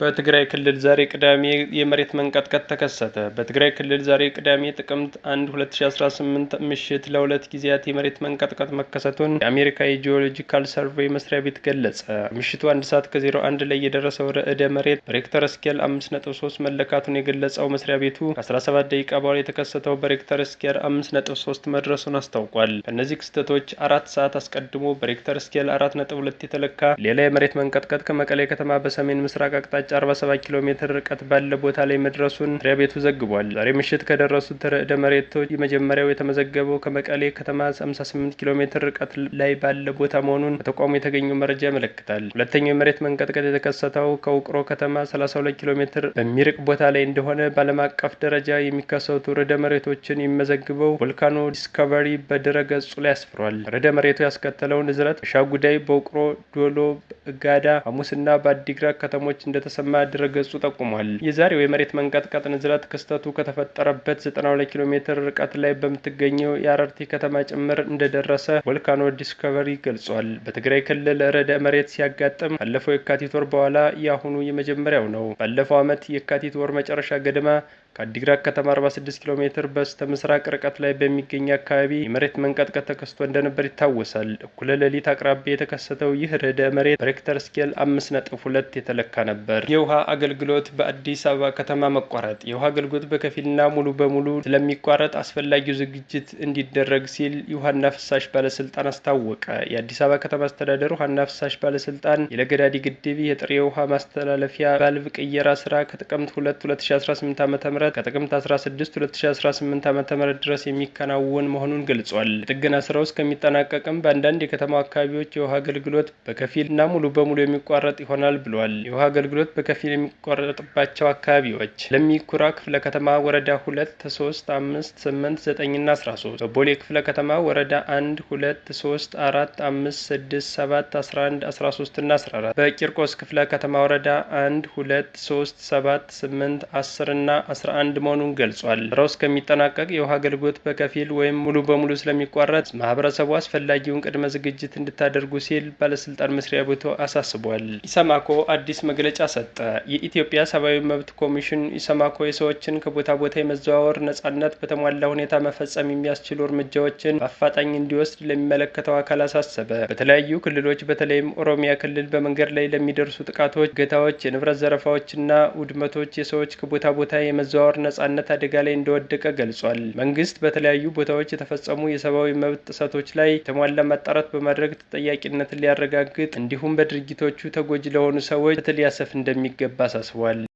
በትግራይ ክልል ዛሬ ቅዳሜ የመሬት መንቀጥቀጥ ተከሰተ። በትግራይ ክልል ዛሬ ቅዳሜ ጥቅምት 1 2018 ምሽት ለሁለት ጊዜያት የመሬት መንቀጥቀጥ መከሰቱን የአሜሪካ የጂኦሎጂካል ሰርቬይ መስሪያ ቤት ገለጸ። ምሽቱ አንድ ሰዓት ከ01 ላይ የደረሰው ርዕደ መሬት በሬክተር ስኬል 5.3 መለካቱን የገለጸው መስሪያ ቤቱ ከ17 ደቂቃ በኋላ የተከሰተው በሬክተር ስኬል 5.3 መድረሱን አስታውቋል። ከእነዚህ ክስተቶች አራት ሰዓት አስቀድሞ በሬክተር ስኬል 4.2 የተለካ ሌላ የመሬት መንቀጥቀጥ ከመቀሌ ከተማ በሰሜን ምስራቅ አቅጣጫ 47 ኪሎ ሜትር ርቀት ባለ ቦታ ላይ መድረሱን መስሪያ ቤቱ ዘግቧል። ዛሬ ምሽት ከደረሱት ርዕደ መሬቶች የመጀመሪያው የተመዘገበው ከመቀሌ ከተማ 58 ኪሎ ሜትር ርቀት ላይ ባለ ቦታ መሆኑን ከተቋሙ የተገኘው መረጃ ያመለክታል። ሁለተኛው የመሬት መንቀጥቀጥ የተከሰተው ከውቅሮ ከተማ 32 ኪሎ ሜትር በሚርቅ ቦታ ላይ እንደሆነ በዓለም አቀፍ ደረጃ የሚከሰቱ ርዕደ መሬቶችን የሚመዘግበው ቮልካኖ ዲስከቨሪ በድረ ገጹ ላይ አስፍሯል። ርዕደ መሬቱ ያስከተለውን እዝረት በሻጉዳይ፣ በውቅሮ፣ ዶሎ፣ ጋዳ፣ ሐሙስና በአዲግራት ከተሞች እንደተሰ እንደተሰማ ድረገጹ ጠቁሟል። የዛሬው የመሬት መንቀጥቀጥ ንዝረት ክስተቱ ከተፈጠረበት 92 ኪሎ ሜትር ርቀት ላይ በምትገኘው የአረርቲ ከተማ ጭምር እንደደረሰ ቮልካኖ ዲስከቨሪ ገልጿል። በትግራይ ክልል ረደ መሬት ሲያጋጥም ካለፈው የካቲት ወር በኋላ የአሁኑ የመጀመሪያው ነው። ባለፈው ዓመት የካቲት ወር መጨረሻ ገደማ ከአዲግራት ከተማ 46 ኪሎ ሜትር በስተ ምስራቅ ርቀት ላይ በሚገኝ አካባቢ የመሬት መንቀጥቀጥ ተከስቶ እንደነበር ይታወሳል። እኩለ ሌሊት አቅራቢያ የተከሰተው ይህ ርዕደ መሬት በሬክተር ስኬል 5.2 የተለካ ነበር። የውሃ አገልግሎት በአዲስ አበባ ከተማ መቋረጥ። የውሃ አገልግሎት በከፊልና ሙሉ በሙሉ ስለሚቋረጥ አስፈላጊው ዝግጅት እንዲደረግ ሲል የውሃና ፍሳሽ ባለስልጣን አስታወቀ። የአዲስ አበባ ከተማ አስተዳደር ውሃና ፍሳሽ ባለስልጣን የለገዳዲ ግድብ የጥሬ ውሃ ማስተላለፊያ ቫልቭ ቅየራ ስራ ከጥቅምት 2 2018 ዓ ከጥቅምት 16 2018 ዓ ም ድረስ የሚከናወን መሆኑን ገልጿል። የጥገና ስራው እስከሚጠናቀቅም በአንዳንድ የከተማ አካባቢዎች የውሃ አገልግሎት በከፊል እና ሙሉ በሙሉ የሚቋረጥ ይሆናል ብሏል። የውሃ አገልግሎት በከፊል የሚቋረጥባቸው አካባቢዎች ለሚኩራ ክፍለ ከተማ ወረዳ 2፣ 3፣ 5፣ 8፣ 9ና 13 በቦሌ ክፍለ ከተማ ወረዳ 1፣ 2፣ 3፣ 4፣ 5፣ 6፣ 7፣ 11፣ 13ና 14 በቂርቆስ ክፍለ ከተማ ወረዳ 1፣ 2፣ 3፣ 7፣ 8፣ 10ና 1 2 3 7 8 10 ና 11 አንድ መሆኑን ገልጿል። ስራው እስከሚጠናቀቅ የውሃ አገልግሎት በከፊል ወይም ሙሉ በሙሉ ስለሚቋረጥ ማህበረሰቡ አስፈላጊውን ቅድመ ዝግጅት እንድታደርጉ ሲል ባለስልጣን መስሪያ ቤቱ አሳስቧል። ኢሰማኮ አዲስ መግለጫ ሰጠ። የኢትዮጵያ ሰብአዊ መብት ኮሚሽን ኢሰማኮ የሰዎችን ከቦታ ቦታ የመዘዋወር ነጻነት በተሟላ ሁኔታ መፈጸም የሚያስችሉ እርምጃዎችን በአፋጣኝ እንዲወስድ ለሚመለከተው አካል አሳሰበ። በተለያዩ ክልሎች በተለይም ኦሮሚያ ክልል በመንገድ ላይ ለሚደርሱ ጥቃቶች፣ ገታዎች፣ የንብረት ዘረፋዎችና ውድመቶች የሰዎች ከቦታ ቦታ የመዘዋወር የመዘዋወር ነጻነት አደጋ ላይ እንደወደቀ ገልጿል። መንግስት በተለያዩ ቦታዎች የተፈጸሙ የሰብአዊ መብት ጥሰቶች ላይ የተሟላ ማጣራት በማድረግ ተጠያቂነትን ሊያረጋግጥ እንዲሁም በድርጊቶቹ ተጎጂ ለሆኑ ሰዎች ፍትህ ሊያሰፍ እንደሚገባ አሳስቧል።